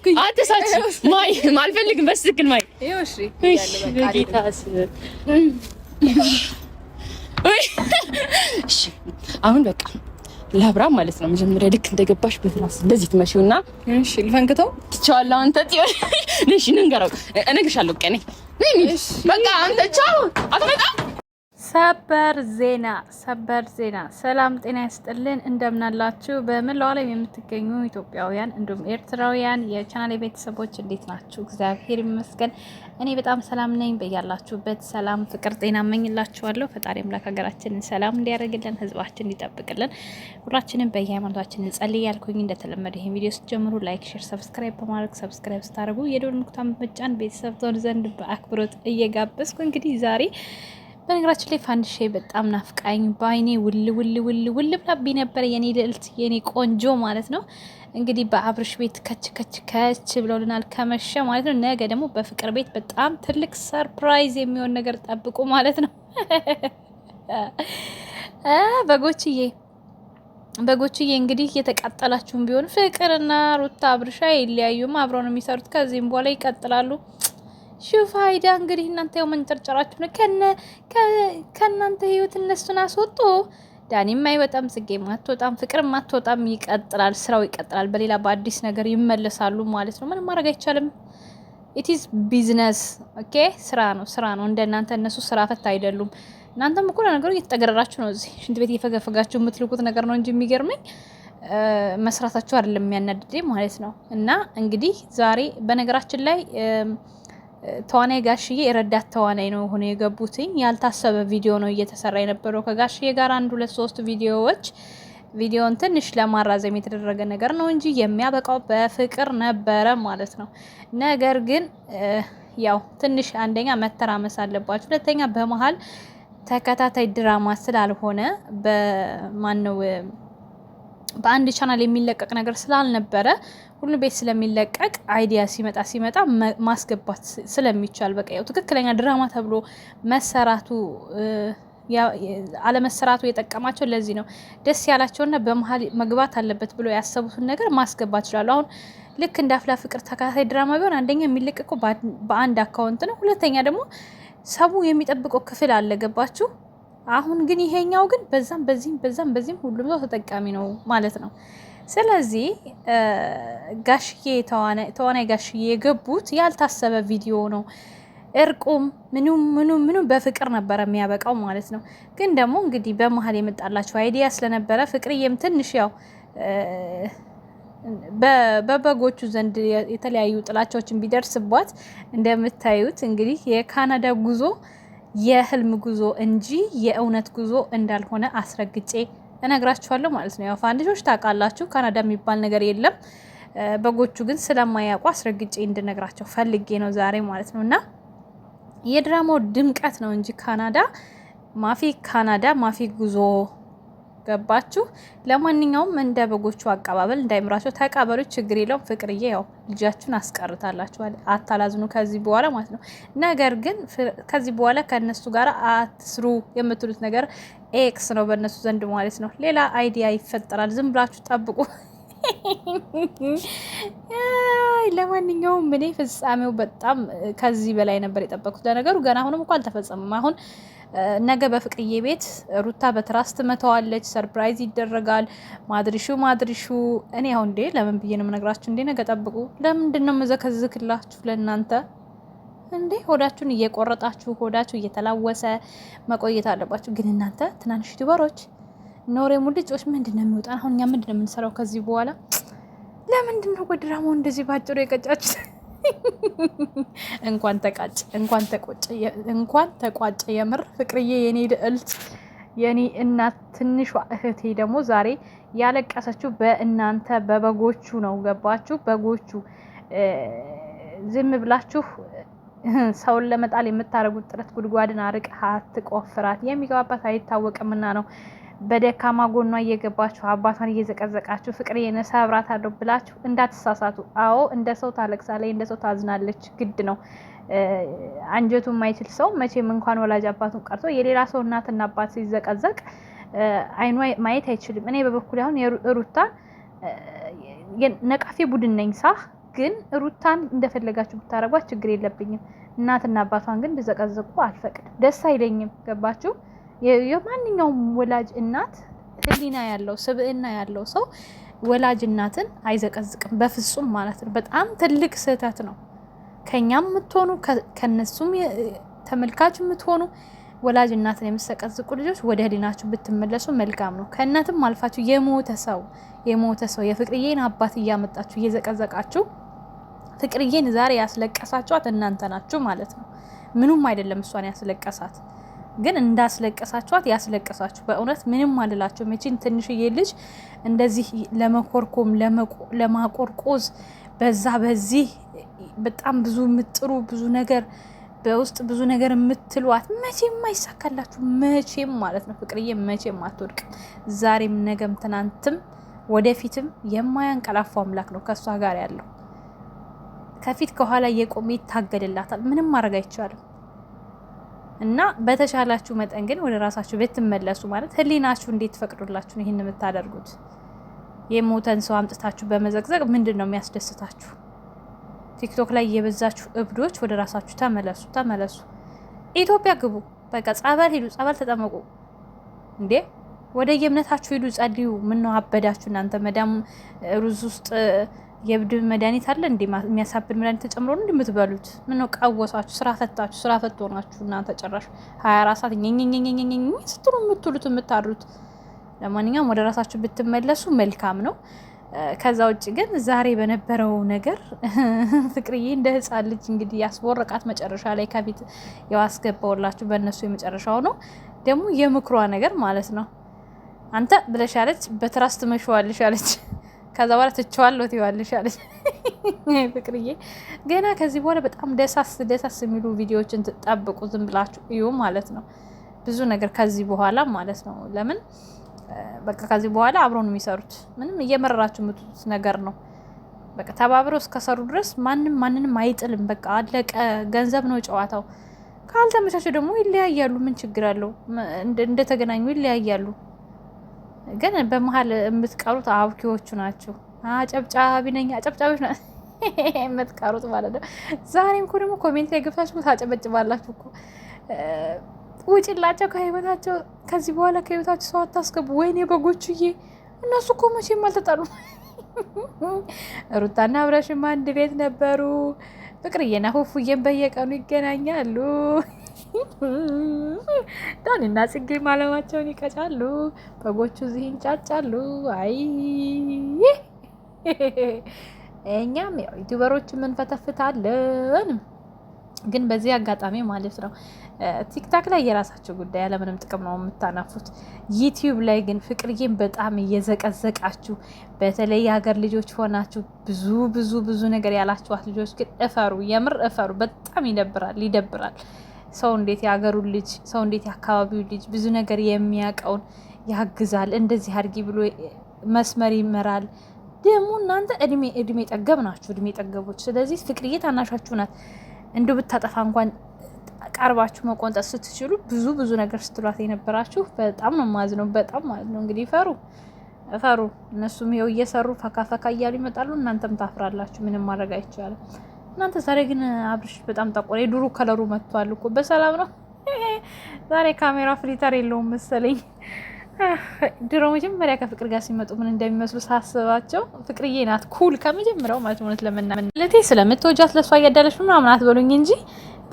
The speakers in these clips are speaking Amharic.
ሳትኩኝ። አትሳች ማይ አልፈልግም። በስትክል ማይ አሁን በቃ ለብራ ማለት ነው። መጀመሪያ ልክ እንደገባሽ በትራስ እንደዚህ ትመሺውና እሺ፣ ልፈንክተው ትቻዋለህ። አንተ ጥዮን ነሽ፣ ንንገረው፣ እነግርሻለሁ። ቀኔ በቃ አንተ ቻው፣ አትመጣም ሰበር ዜና ሰበር ዜና። ሰላም ጤና ይስጥልን፣ እንደምናላችሁ በመላው ዓለም የምትገኙ ኢትዮጵያውያን እንዲሁም ኤርትራውያን የቻናል ቤተሰቦች እንዴት ናችሁ? እግዚአብሔር ይመስገን እኔ በጣም ሰላም ነኝ። በያላችሁበት ሰላም፣ ፍቅር፣ ጤና እመኝላችኋለሁ። ፈጣሪ አምላክ ሀገራችንን ሰላም እንዲያደርግልን፣ ህዝባችን እንዲጠብቅልን፣ ሁላችንም በየሃይማኖታችን እንጸልይ ያልኩኝ እንደተለመደ ይህን ቪዲዮ ስትጀምሩ ላይክ፣ ሼር፣ ሰብስክራይብ በማድረግ ሰብስክራይብ ስታደርጉ የደወል ምልክቱን በመጫን ቤተሰብ ትሆኑ ዘንድ በአክብሮት እየጋበዝኩ እንግዲህ ዛሬ በነገራችን ላይ ፋንድሼ በጣም ናፍቃኝ በአይኔ ውል ውል ውል ውል ብላብኝ ነበረ የኔ ልዕልት የኔ ቆንጆ ማለት ነው። እንግዲህ በአብርሽ ቤት ከች ከች ከች ብለውልናል ከመሸ ማለት ነው። ነገ ደግሞ በፍቅር ቤት በጣም ትልቅ ሰርፕራይዝ የሚሆን ነገር ጠብቁ ማለት ነው። በጎችዬ በጎችዬ እንግዲህ የተቃጠላችሁም ቢሆን ፍቅርና ሩታ አብርሻ የለያዩም፣ አብረው ነው የሚሰሩት። ከዚህም በኋላ ይቀጥላሉ። ሹፋይዳ እንግዲህ እናንተ ያው መንጨርጨራችሁ ነው። ከነ ከእናንተ ህይወት እነሱን አስወጡ። ዳኒም አይወጣም፣ ጽጌም አትወጣም፣ ፍቅርም አትወጣም። ይቀጥላል፣ ስራው ይቀጥላል። በሌላ በአዲስ ነገር ይመለሳሉ ማለት ነው። ምንም ማድረግ አይቻልም። ኢትዝ ቢዝነስ ኦኬ። ስራ ነው፣ ስራ ነው። እንደ እናንተ እነሱ ስራ ፈት አይደሉም። እናንተም እኮ ለነገሩ እየተጠገረራችሁ ነው። እዚህ ሽንት ቤት እየፈገፈጋችሁ የምትልቁት ነገር ነው እንጂ የሚገርመኝ መስራታችሁ አይደለም የሚያናድደኝ ማለት ነው። እና እንግዲህ ዛሬ በነገራችን ላይ ተዋናይ ጋሽዬ የረዳት ተዋናይ ነው የሆነ የገቡትኝ። ያልታሰበ ቪዲዮ ነው እየተሰራ የነበረው ከጋሽዬ ጋር አንድ ሁለት ሶስት ቪዲዮዎች ቪዲዮን ትንሽ ለማራዘም የተደረገ ነገር ነው እንጂ የሚያበቃው በፍቅር ነበረ ማለት ነው። ነገር ግን ያው ትንሽ አንደኛ መተራመስ አለባቸው፣ ሁለተኛ በመሀል ተከታታይ ድራማ ስላልሆነ በማን ነው በአንድ ቻናል የሚለቀቅ ነገር ስላልነበረ ሁሉ ቤት ስለሚለቀቅ አይዲያ ሲመጣ ሲመጣ ማስገባት ስለሚቻል በቃ ያው ትክክለኛ ድራማ ተብሎ መሰራቱ አለመሰራቱ የጠቀማቸው ለዚህ ነው። ደስ ያላቸውና በመሀል መግባት አለበት ብሎ ያሰቡትን ነገር ማስገባት ይችላሉ። አሁን ልክ እንደ አፍላ ፍቅር ተከታታይ ድራማ ቢሆን አንደኛ የሚለቀቀው በአንድ አካውንት ነው፣ ሁለተኛ ደግሞ ሰቡ የሚጠብቀው ክፍል አለ። ገባችሁ? አሁን ግን ይሄኛው ግን በዛም በዚህም በዛም በዚህም ሁሉም ሰው ተጠቃሚ ነው ማለት ነው። ስለዚህ ጋሽዬ ተዋናይ ጋሽዬ የገቡት ያልታሰበ ቪዲዮ ነው። እርቁም ምኑም ምኑም ምኑም በፍቅር ነበረ የሚያበቃው ማለት ነው። ግን ደግሞ እንግዲህ በመሀል የመጣላቸው አይዲያ ስለነበረ ፍቅርዬም ትንሽ ያው በበጎቹ ዘንድ የተለያዩ ጥላቻዎችን ቢደርስባት እንደምታዩት እንግዲህ የካናዳ ጉዞ የህልም ጉዞ እንጂ የእውነት ጉዞ እንዳልሆነ አስረግጬ እነግራችኋለሁ ማለት ነው። ያው ፋንዲሾች ታውቃላችሁ፣ ካናዳ የሚባል ነገር የለም። በጎቹ ግን ስለማያውቁ አስረግጬ እንድነግራቸው ፈልጌ ነው ዛሬ ማለት ነው። እና የድራማው ድምቀት ነው እንጂ ካናዳ ማፊ ካናዳ ማፊ ጉዞ ገባችሁ? ለማንኛውም እንደ በጎቹ አቀባበል እንዳይምራቸው ተቀበሉ። ችግር የለውም። ፍቅርዬ ያው ልጃችሁን አስቀርታላችኋል፣ አታላዝኑ ከዚህ በኋላ ማለት ነው። ነገር ግን ከዚህ በኋላ ከእነሱ ጋር አትስሩ የምትሉት ነገር ኤክስ ነው በእነሱ ዘንድ ማለት ነው። ሌላ አይዲያ ይፈጠራል። ዝም ብላችሁ ጠብቁ። ለማንኛውም እኔ ፍጻሜው በጣም ከዚህ በላይ ነበር የጠበኩት። ለነገሩ ገና አሁንም እኮ አልተፈጸመም አሁን ነገ በፍቅርዬ ቤት ሩታ በትራስ ትመተዋለች። ሰርፕራይዝ ይደረጋል። ማድሪሹ ማድሪሹ እኔ ያው እንዴ ለምን ብዬ ነው የምነግራችሁ? እንዴ ነገ ጠብቁ። ለምንድን ነው መዘከዝክላችሁ ለእናንተ እንዴ? ሆዳችሁን እየቆረጣችሁ ሆዳችሁ እየተላወሰ መቆየት አለባችሁ። ግን እናንተ ትናንሽ ዩቲዩበሮች ኖሬ ሙልጮች ምንድን ነው የሚወጣን? አሁን እኛ ምንድን ነው የምንሰራው ከዚህ በኋላ? ለምንድን ነው በድራማው እንደዚህ ባጭሩ የቀጫችሁ? እንኳን ተቃጭ እንኳን ተቆጨ እንኳን ተቋጨ። የምር ፍቅርዬ የኔ ልዕልት የኔ እናት ትንሿ እህቴ ደግሞ ዛሬ ያለቀሰችው በእናንተ በበጎቹ ነው። ገባችሁ? በጎቹ ዝም ብላችሁ ሰውን ለመጣል የምታደርጉት ጥረት ጉድጓድን አርቅ አትቆፍራት የሚገባባት አይታወቅምና ነው። በደካማ ጎኗ እየገባችሁ አባቷን እየዘቀዘቃችሁ ፍቅሬን አለው ብላችሁ እንዳትሳሳቱ። አዎ እንደ ሰው ታለቅሳለች፣ እንደ ሰው ታዝናለች። ግድ ነው። አንጀቱ የማይችል ሰው መቼም እንኳን ወላጅ አባቱን ቀርቶ የሌላ ሰው እናትና አባት ሲዘቀዘቅ አይኗ ማየት አይችልም። እኔ በበኩል አሁን ሩታ ነቃፊ ቡድን ነኝ ሳ ግን ሩታን እንደፈለጋችሁ ብታደረጓት ችግር የለብኝም። እናትና አባቷን ግን ብዘቀዘቁ አልፈቅድም፣ ደስ አይለኝም። ገባችሁ? የማንኛውም ወላጅ እናት ህሊና ያለው ስብዕና ያለው ሰው ወላጅ እናትን አይዘቀዝቅም በፍጹም ማለት ነው። በጣም ትልቅ ስህተት ነው። ከእኛም የምትሆኑ ከነሱም ተመልካች የምትሆኑ ወላጅ እናትን የምትዘቀዝቁ ልጆች ወደ ሕሊናችሁ ብትመለሱ መልካም ነው። ከእናትም አልፋችሁ የሞተ ሰው የሞተ ሰው የፍቅርዬን አባት እያመጣችሁ እየዘቀዘቃችሁ ፍቅርዬን ዛሬ ያስለቀሳችኋት እናንተ ናችሁ ማለት ነው። ምኑም አይደለም እሷን ያስለቀሳት ግን እንዳስለቀሳችኋት ያስለቀሳችሁ። በእውነት ምንም አልላቸው። መቼን ትንሽዬ ልጅ እንደዚህ ለመኮርኮም ለማቆርቆዝ በዛ በዚህ በጣም ብዙ የምጥሩ ብዙ ነገር በውስጥ ብዙ ነገር የምትሏት መቼም አይሳካላችሁ። መቼም ማለት ነው ፍቅርዬ፣ መቼም አትወድቅ። ዛሬም፣ ነገም፣ ትናንትም ወደፊትም የማያንቀላፋው አምላክ ነው ከእሷ ጋር ያለው። ከፊት ከኋላ የቆመ ይታገድላታል። ምንም ማድረግ አይቻልም። እና በተሻላችሁ መጠን ግን ወደ ራሳችሁ ትመለሱ ማለት ህሊናችሁ እንዴት ፈቅዶላችሁ ነው ይህን የምታደርጉት? የሞተን ሰው አምጥታችሁ በመዘቅዘቅ ምንድን ነው የሚያስደስታችሁ? ቲክቶክ ላይ የበዛችሁ እብዶች ወደ ራሳችሁ ተመለሱ፣ ተመለሱ። ኢትዮጵያ ግቡ፣ በቃ ጸበል ሂዱ፣ ጸበል ተጠመቁ። እንዴ ወደ የእምነታችሁ ሂዱ፣ ጸልዩ። ምን ነው አበዳችሁ እናንተ መዳም ሩዝ ውስጥ የእብድ መድኃኒት አለ እንደ የሚያሳብድ መድኃኒት ተጨምሮ ነው እንደምትበሉት። ምነው ቀወሳችሁ? ስራ ፈታችሁ፣ ስራ ፈት ሆናችሁ እናንተ ጨራሽ ሀያ አራት ሰዓት ኘኘኘኘኘ ስትሉ የምታድሩት። ለማንኛውም ወደ ራሳችሁ ብትመለሱ መልካም ነው። ከዛ ውጭ ግን ዛሬ በነበረው ነገር ፍቅርዬ እንደ ህፃን ልጅ እንግዲህ ያስቦረቃት መጨረሻ ላይ ከፊት ያው በእነሱ የመጨረሻው ነው። ደግሞ የምክሯ ነገር ማለት ነው አንተ ብለሻለች፣ በትራስ ትመሸዋለሽ አለች። ከዛ በኋላ ትቼዋለሁ ትይዋለሽ አለች ፍቅርዬ። ገና ከዚህ በኋላ በጣም ደሳስ ደሳስ የሚሉ ቪዲዮዎችን ትጠብቁ ዝም ብላችሁ እዩ ማለት ነው። ብዙ ነገር ከዚህ በኋላ ማለት ነው። ለምን በቃ ከዚህ በኋላ አብሮ ነው የሚሰሩት። ምንም እየመረራችሁ የምትሉት ነገር ነው። በቃ ተባብረው እስከሰሩ ድረስ ማንም ማንንም አይጥልም። በቃ አለቀ። ገንዘብ ነው ጨዋታው። ካልተመቻቸው ደግሞ ይለያያሉ። ምን ችግር አለው? እንደተገናኙ ይለያያሉ። ግን በመሀል የምትቀሩት አብኪዎቹ ናችሁ። አጨብጫቢ ነኝ አጨብጫቢዎች ናቸው የምትቀሩት ማለት ነው። ዛሬም እኮ ደግሞ ኮሜንት ላይ ገብታችሁ ታጨበጭባላችሁ እኮ ውጭላቸው ከህይወታቸው ከዚህ በኋላ ከህይወታቸው ሰው አታስገቡ። ወይኔ በጎቹዬ፣ እነሱ እኮ መቼም አልተጣሉ። ሩታና አብረሽም አንድ ቤት ነበሩ። ፍቅርዬና ሁፉዬም በየቀኑ ይገናኛሉ። ዳንና ጽጌ ማለማቸውን ይቀጫሉ። በጎቹ እዚህ ይንጫጫሉ። አይ እኛም ያው ዩቲዩበሮች እንፈተፍታለን። ግን በዚህ አጋጣሚ ማለት ነው ቲክታክ ላይ የራሳቸው ጉዳይ ያለምንም ጥቅም ነው የምታናፉት። ዩቲዩብ ላይ ግን ፍቅርዬን በጣም እየዘቀዘቃችሁ በተለይ የሀገር ልጆች ሆናችሁ ብዙ ብዙ ብዙ ነገር ያላችኋት ልጆች ግን እፈሩ፣ የምር እፈሩ። በጣም ይደብራል፣ ይደብራል። ሰው እንዴት የሀገሩን ልጅ ሰው እንዴት የአካባቢው ልጅ ብዙ ነገር የሚያውቀውን ያግዛል፣ እንደዚህ አድርጊ ብሎ መስመር ይመራል። ደግሞ እናንተ እድሜ እድሜ ጠገብ ናችሁ፣ እድሜ ጠገቦች። ስለዚህ ፍቅርዬ ታናሻችሁ ናት። እንዲሁ ብታጠፋ እንኳን ቀርባችሁ መቆንጠጥ ስትችሉ ብዙ ብዙ ነገር ስትሏት የነበራችሁ በጣም ነው ማዝ ነው በጣም ማለት ነው። እንግዲህ ፈሩ ፈሩ። እነሱም ይኸው እየሰሩ ፈካ ፈካ እያሉ ይመጣሉ። እናንተም ታፍራላችሁ። ምንም ማድረግ አይቻልም። እናንተ ዛሬ ግን አብርሽ በጣም ጠቆረ። የዱሩ ከለሩ መጥቷል እኮ በሰላም ነው። ዛሬ ካሜራ ፍሊተር የለውም መሰለኝ። ድሮ መጀመሪያ ከፍቅር ጋር ሲመጡ ምን እንደሚመስሉ ሳስባቸው ፍቅርዬ ናት ኩል ከመጀመሪያው ማለት እውነት ለመናምን ስለምትወጃት ለእሷ እያዳለች ምናምን አትበሉኝ እንጂ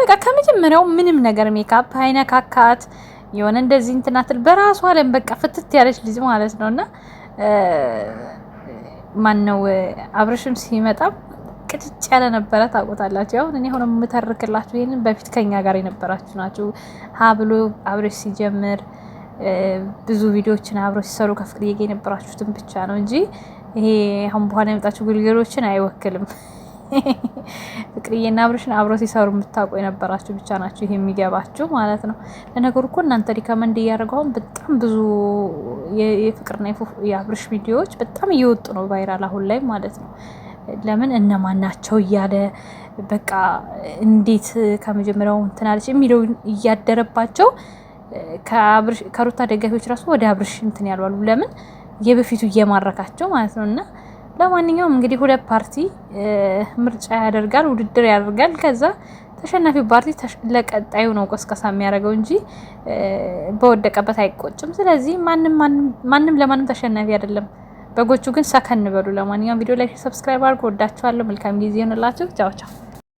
በቃ ከመጀመሪያው ምንም ነገር ሜካፕ አይነካካት የሆነ እንደዚህ እንትናትል በራሱ አለም በቃ ፍትት ያለች ልጅ ማለት ነው እና ማን ነው አብርሽም ሲመጣም ቅጭጭ ያለ ነበረ። ታውቆታላችሁ። ያሁን እኔ አሁን የምተርክላችሁ ይህንን በፊት ከኛ ጋር የነበራችሁ ናችሁ። ሀ ብሎ ሲጀምር ብዙ ቪዲዮዎችን አብረው ሲሰሩ ከፍቅር ጋር የነበራችሁትን ብቻ ነው እንጂ ይሄ አሁን በኋላ የመጣችሁ ግልገሎችን አይወክልም። ፍቅርዬና አብረሽን አብረው ሲሰሩ የምታውቁ የነበራችሁ ብቻ ናችሁ ይሄ የሚገባችሁ ማለት ነው። ለነገሩ እኮ እናንተ ሪከመንድ እያደረገው አሁን በጣም ብዙ የፍቅርና የአብረሽ ቪዲዮዎች በጣም እየወጡ ነው ቫይራል አሁን ላይ ማለት ነው። ለምን እነማን ናቸው እያለ በቃ እንዴት ከመጀመሪያው እንትን የሚለው እያደረባቸው ከሩታ ደጋፊዎች ራሱ ወደ አብርሽ እንትን ያሏሉ። ለምን የበፊቱ እየማረካቸው ማለት ነው። እና ለማንኛውም እንግዲህ ሁለት ፓርቲ ምርጫ ያደርጋል፣ ውድድር ያደርጋል። ከዛ ተሸናፊው ፓርቲ ለቀጣዩ ነው ቆስቀሳ የሚያደርገው እንጂ በወደቀበት አይቆጭም። ስለዚህ ማንም ለማንም ተሸናፊ አይደለም። በጎቹ ግን ሰከን በሉ። ለማንኛውም ቪዲዮ ላይ ሰብስክራይብ አድርጎ ወዳችኋለሁ። መልካም ጊዜ ይሆንላችሁ። ቻው ቻው